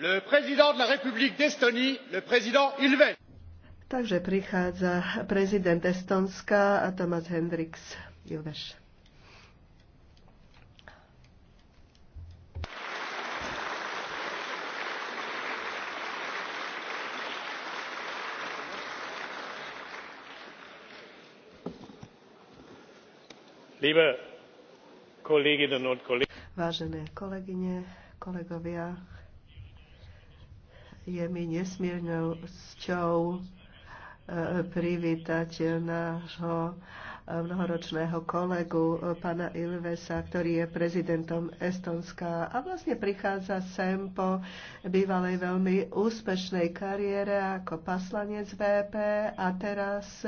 Le président de la République d'Estonie, le président Ilves. Takže prichádza prezident Estonska a Thomas Hendricks Ilves. Liebe Kolleginnen und Kollegen. Vážené kolegyne, kolegovia, je mi nesmiernou cťou eh, privítať nášho mnohoročného kolegu eh, pana Ilvesa, ktorý je prezidentom Estonska a vlastne prichádza sem po bývalej veľmi úspešnej kariére ako paslanec VP a teraz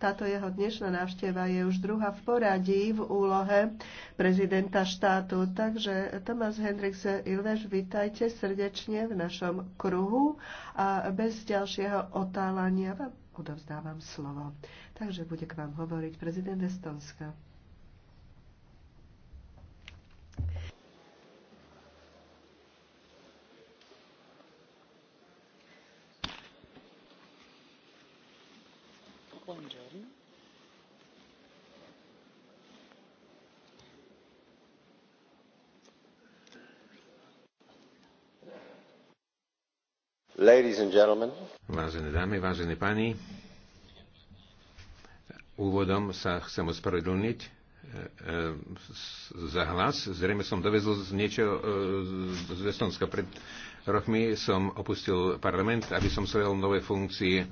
táto jeho dnešná návšteva je už druhá v poradí v úlohe prezidenta štátu. Takže Tomás Hendrix Ilveš, vítajte srdečne v našom kruhu a bez ďalšieho otálania vám odovzdávam slovo. Takže bude k vám hovoriť prezident Estonska. Buongiorno. Vážené dámy, vážení páni, úvodom sa chcem ospravedlniť e, e, za hlas. Zrejme som dovezol z niečo e, z Estonska. Pred rokmi som opustil parlament, aby som svojal nové funkcie